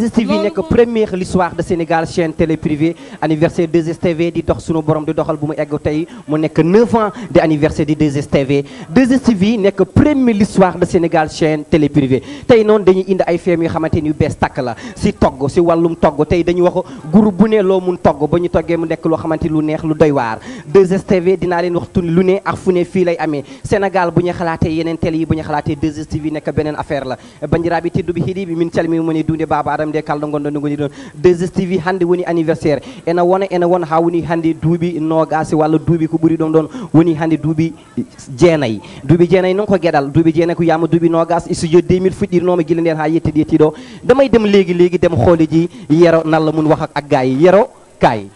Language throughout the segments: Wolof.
2STV nekk première l'histoire de Sénégal chaîne télé privée anniversaire 2STV di dox sunu borom di doxal bu mu egg tey mu nekk 9 de anniversaire di 2STV 2 de Sénégal chaîne télé privée tey noonu dañuy indi ay feem yoo xamante yu bees tàkk la si togg si wàllum togg tey dañu wax groupe bu ne loo mun togg ba toggee mu nekk loo xamante lu neex lu doy waar 2STV dinaa Sénégal bu xalaatee yeneen télé yi bu xalaatee 2STV nekk famde kalɗo gonɗon no goni ɗon 2stv hannde woni anniversaire ene wona ene wona ha woni hannde duuɓi nogasi walla duuɓi ko ɓuuri ɗon ɗon woni hannde duuɓi jeenayyi duuɓi jeenayyi noon ko gueɗal duuɓi jeenayyi ko yama duuɓi nogas studio 2000 fuɗɗirnoma guila nden ha yettiɗi yettiɗo damay dem leegui leegui dem hooleji yero nalla mum waha ak gayi yero kayi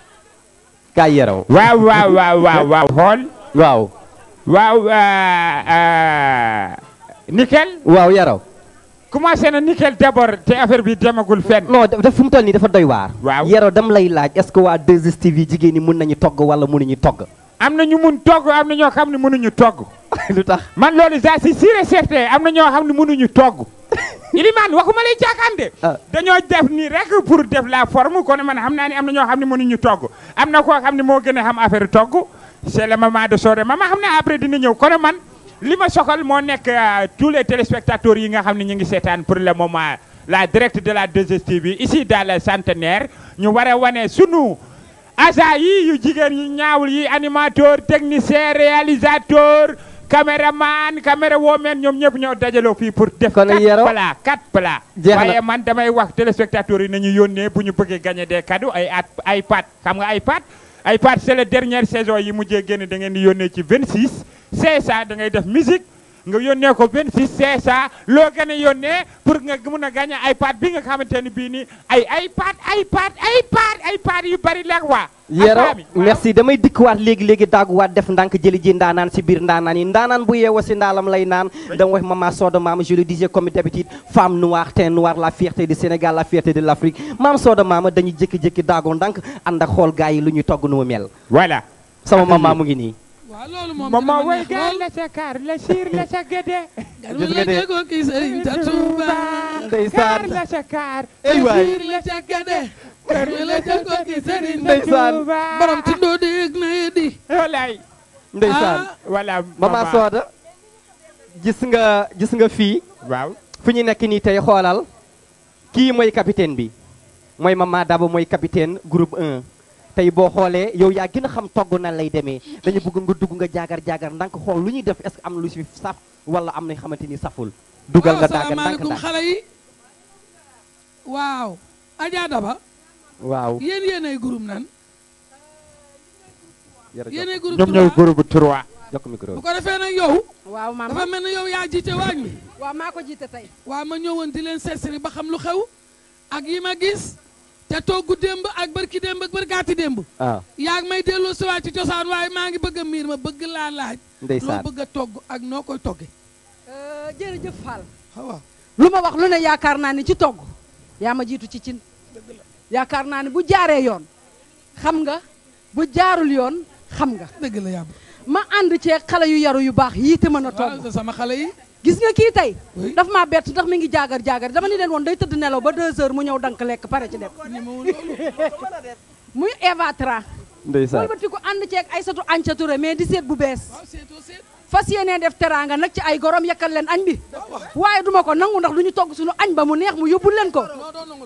kayi yero waw waw waw waw waw hool waw waw eh, eh, nickel waw yero commencé na nickel d'abord te affaire bi demagul fenn. non daf fu mu toll nii dafa doy waar. waaw yero dam lay laaj est-ce que waa mun nañu togg wala mënuñu togg. am na ñu mun togg am ñoo xam ne mënuñu togg. lu tax man loolu ça c'est sûr et certain am na ñoo xam ne mënuñu togg. Ilimaan waxuma lay jaakaande. Ah. dañoo def nii rek pour def la forme kon man xam naa ne am na ñoo xam ne mënuñu togg am na koo xam ne moo gën a xam affaire togg c'est le moment de soirée mama xam naa après dina ñëw kon man. li ma soxal moo nekk euh, tous les téléspectateurs yi nga xam ne ñu ngi seetaan pour le moment euh, la direct de la 2STV ici dans le centenaire ñu waree a wane sunu agent yi yu jigéen yi ñaawul yi animateur technicien réalisateur caméraman woo woman ñoom ñëpp ñoo dajaloo fii pour def quatre plats quatre plats waaye man damay wax téléspectateurs yi nañu yónnee bu ñu bëggee gagner des cadeaux ay iPad xam nga iPad iPad c'est la dernière saison yi mujjee génne da ngeen di yónnee ci 26 500 da ngay def musique nga yónnee ko benn fii 500 loo gën a yónnee pour nga mën a ay paat bi nga xamante ne bii nii ay ay iPad ay iPad yu bari la waa. Yero merci damay dikkuwaat léegi léegi waat def ndànk jëli ji ndaanaan si biir ndaanaan yi ndaanaan bu yeewoo si ndaalam lay naan dama wax maman Soda maam je le disais comme d'habitude femme noire teint noir la fierté du Sénégal la fierté de l'Afrique maam Soda maama dañuy jékki-jékki daagoo ndànk ànd ak lu ñuy togg nu mu voilà sama maman mu ngi nii. waaw loolu moom moom moo wéy gaal la ca kaar la siir la ca gëdë. gis nga de gis nga de ndeysaan la ca kaar. ay siir la ca gëdë. kër la ca ko ki sëriñ la di yëg na yëdi. walaay. ndeysaan voilà ah. mama gis nga gis nga fii. waaw fu ñu nekk nii tey xoolal. kii mooy capitaine bi. mooy mama Daba mooy capitaine groupe 1. tey boo xoolee yow yaa gën a xam togg na lay demee dañu bëgg nga dugg nga jaagar jaagar ndànk xool lu ñuy def est-ce que am lu si saf wala am na xamante ni saful dugal nga daaga ndànk ndànk xale yi waaw Adja ko defee nag yow waaw maama dafa mel ne yow yaa jiite waañ mi maa ko jiite tey waaw ma ñëwoon di leen seesri ba xam lu xew ak yi ma gis te toggu démb ak bërki démb ak barkaati démb waaw ah. yaa ngi may delloo si waat ci cosaan waaye maa ngi bëgg a miir ma bëgg laa laaj loo bëgg a togg ak noo koy togge euh, jërëjëf Fall ah, waaw lu ma wax lu ne yaakaar naa ni ci togg yaa ma jiitu ci cin yaakaar naa ni bu jaaree yoon xam nga bu jaarul yoon xam nga dëgg la ma ànd cee xale yu yaru yu baax yii te mën a togg sama xale yi gis nga kii tey daf maa bett ndax mi ngi jaagar jaagar dama ni leen woon day tëdd nelaw ba 2 heures mu ñëw dank lekk pare ci dem muy Eva Tra ndeysaan wëlbati ko ànd ceeg Aysatu Anca Touré mais di seet bu bees fas yéenee def teraanga nag ci ay gorom yekkal leen añ bi waaye duma ko nangu ndax lu ñu togg suñu añ ba mu neex mu yóbbul leen ko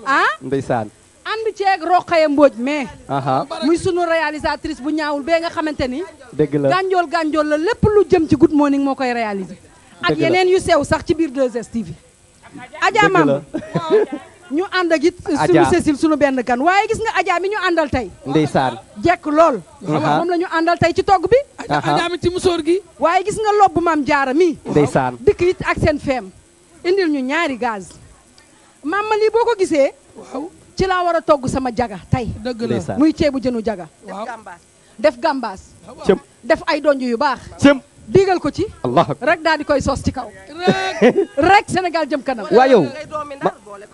ah ndeysaan ànd ceeg Roqaya Mbooj mais muy sunu réalisatrice bu ñaawul bee nga xamante ni dëgg la gànjool gànjool la lépp lu jëm ci Good Morning moo koy réaliser ak yeneen yu sew sax ci biir 2STV. Adja Mame ñu ànd ak it suñu Cécile benn kan waaye gis nga Adja mi ñu àndal tey. ndeysaan jekk lool. Uh-huh. moom la ñu àndal tey ci togg bi. Adja uh-huh. ci musóor gi. waaye gis nga lobb maam jaara mi. ndeysaan dikk it ak seen feem. indil ñu ñaari gaz. maam ma boo ko gisee. ci laa war a togg sama jaga tey. dëgg la muy ceebu jënu jaga. def gambaas def def ay donj yu baax. diigal ko ci. allah rek daal di koy sos ci kaw. rek senegal jëm kanam. waaye yow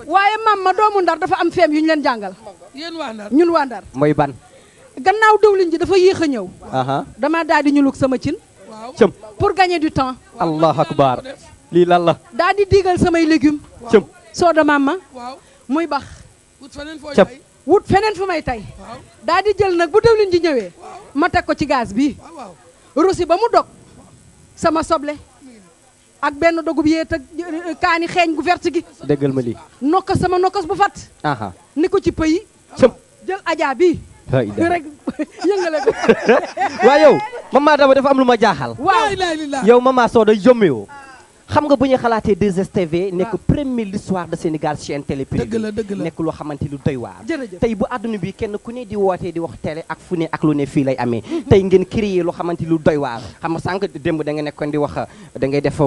waaye maam ma doomu ndar dafa am feem yu ñu leen jàngal. yéen waa ndar ñun waa ndar. mooy ban. gannaaw dëwlin ji dafa yéex a ñëw. dama daal di ñuluk sama cin. cëm pour gagner du temps. allah akbar lii lan la. daal di diigal samay légumes. cëm soo de maam ma. muy bax. cëm. wut feneen fu may tey. daal di jël nag bu dëwlin ji ñëwee. ma teg ko ci gaas bi. rosi ba mu dog. sama soble ak benn dogub yéet ak euh, kaani xeeñ gu verte gi. dëggal ma lii. nokkas sama nokkas bu fat ni ko ci pëyi. jël ajaa bi rek yëngale ko. waaw yow maman Daba dafa am lu ma jaaxal. waaw yow maman Sow day jommewoo. xam nga bu ñu xalaatee 2STV nekk premier l'histoire de Sénégal chaîne télé privée dëgg nekk loo xamante lu doy waar tey bu àdduna bi kenn ku ne di wootee di wax télé ak fu ne ak lu ne fii lay amee mhm. tey ngeen créer loo xamante lu doy waar xam nga sànq démb da nga nekkoon di wax da ngay def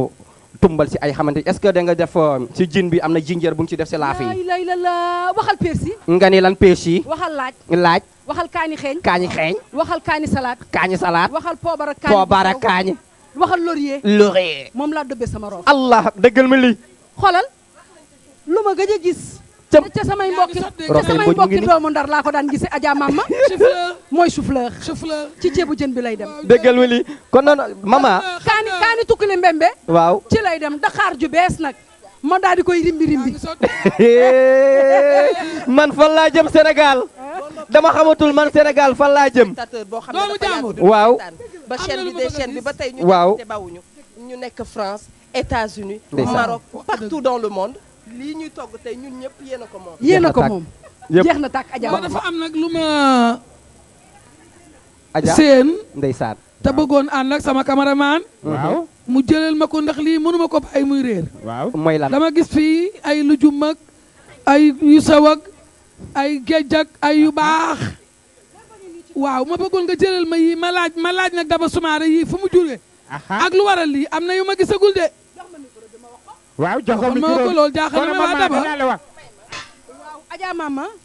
tumbal si ay xamante est-ce que da nga def si jin bi am na jinjeer bu ñu si def si laaf yi lay la la waxal persi nga ne lan persi waxal laaj laaj waxal kaani xeeñ kaani xeeñ waxal kaani salaat kaani salaat waxal poobar ak kaani waxal laurier laurier moom laa dëbbee sama roon allah dëggal ma lii lu ma gëj a gis ca samay mbokki ca samay mbokki doomu ndar laa ko daan gise Adja Mama mooy souffleur ci ceebu jën bi lay dem dëggal ma lii kon noonu mama kaani kaani tukkili mbembe waaw ci lay dem xaar ju bees nag ma daal di koy rimbi rimbi man fan laa jëm Sénégal dama xamatul man Sénégal fan laa jëm. doomu jàmbur waaw. ba chaîne bi de chaîne bi ba tey ñu. waaw bawuñu ñu nekk France États-Unis Maroc partout dans le monde. lii ñuy togg tey ñun ñëpp yéen a ko moom. yéen a ko moom jeex na tàkk Adja dafa am nag lu ma. Adja seen ndeysaan te bëggoon ànd ak sama cameraman. waaw mu jëlal ma ko ndax lii mënuma ko bàyyi muy réer. waaw mooy dama gis fi ay lujum ak ay yu saw ay géej ak ay yu baax waaw ma bëggoon nga jëlal ma yii ma laaj ma laaj nag Daba Soumaré yii fu mu juree. ak lu waral lii am na yu ma gisagul de. waaw jaaxal ma waa Daba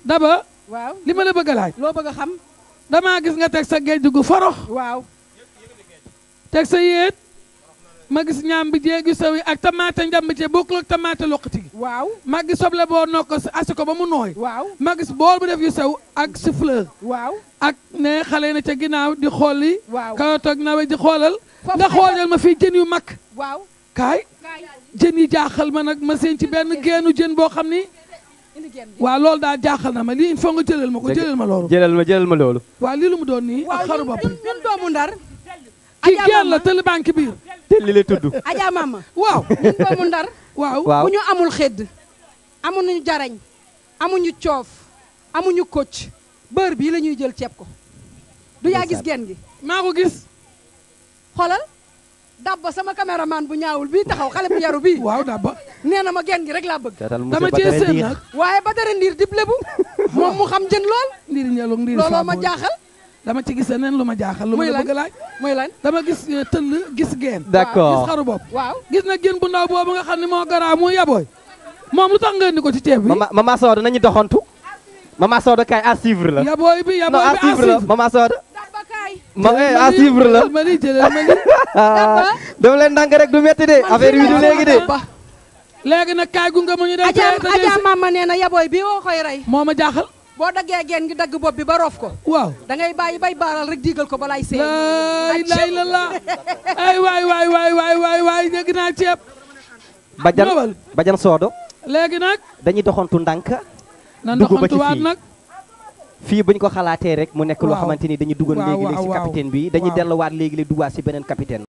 Daba. li ma la bëgg laaj. loo bëgg a xam. damaa gis nga teg sa géej gu forox. waaw. teg sa yéet. ma gis ñaam bi jéegi sawi ak tamaate njàmb ci bokkul ak tamaate loqati gi waaw ma gis soble boo nokk asi ko ba mu nooy waaw ma gis bool bu def yu sew ak souffleur waaw ak ne xale na ca ginnaaw di xool yi waaw kayotoog nawet di xoolal nga xoolal ma fii jën yu mag waaw kaay jën yi jaaxal ma nag ma seen ci benn geenu jën boo xam ni waa loolu daal jaaxal na ma lii il faut nga jëlal ma ko jëlal ma loolu jëlal ma jëlal ma loolu waa lii lu mu doon nii ak xaru bopp ñun doomu kii géer la tëli banque biir tëli la tudd ajaa mama waaw ñun doomu ndar waaw bu ñu amul xëdd amuñu jarañ amuñu coof amuñu kocc bër bii la ñuy jël ceeb ko du yaa gis genn gi maa ko gis xoolal dabba sama caméraman bu ñaawul bii taxaw xale bu yaru bii waaw dabba nee na ma genn gi rek laa bëgg dama cee seen nag waaye ba dara ndiir dib lebu moom mu xam jën lool ndiir ma jaaxal dama ci gis leneen lu ma jaaxal. lu ma la bëgg laaj muy dama gis euh, tëll gis geen. d'accord gis xaru bopp. waaw gis na génn bu ndaw boobu nga xam ne moo gara mu yabooy. moom lu tax nga indi ko ci ceeb bi. mama ma Soda nañu doxantu. mama Soda kaay à suivre la. yabooy bi yabooy bi à suivre ma eh, à la ma ni jëlal ma ni. dama leen ndànk rek du metti a affaire bi du léegi de. léegi nag kaay gunge mu ñu dem. Adja Adja maama nee na yabooy bi woo rey. moo ma jaaxal. boo daggee geen gi dagg bopp bi ba roof ko. waaw da ngay bàyyi bay baaral rek diigal ko balaay seey. ay lay la la ay waay waay waay waay waay waay dégg naa ceeb. bajan bajan soodo. léegi nag. dañuy doxantu ndànk. nan doxantuwaat nag fii buñ ko xalaatee rek mu nekk loo xamante ni dañuy dugal léegi léegi si capitaine bi dañuy delluwaat léegi léegi duwaat si beneen capitaine.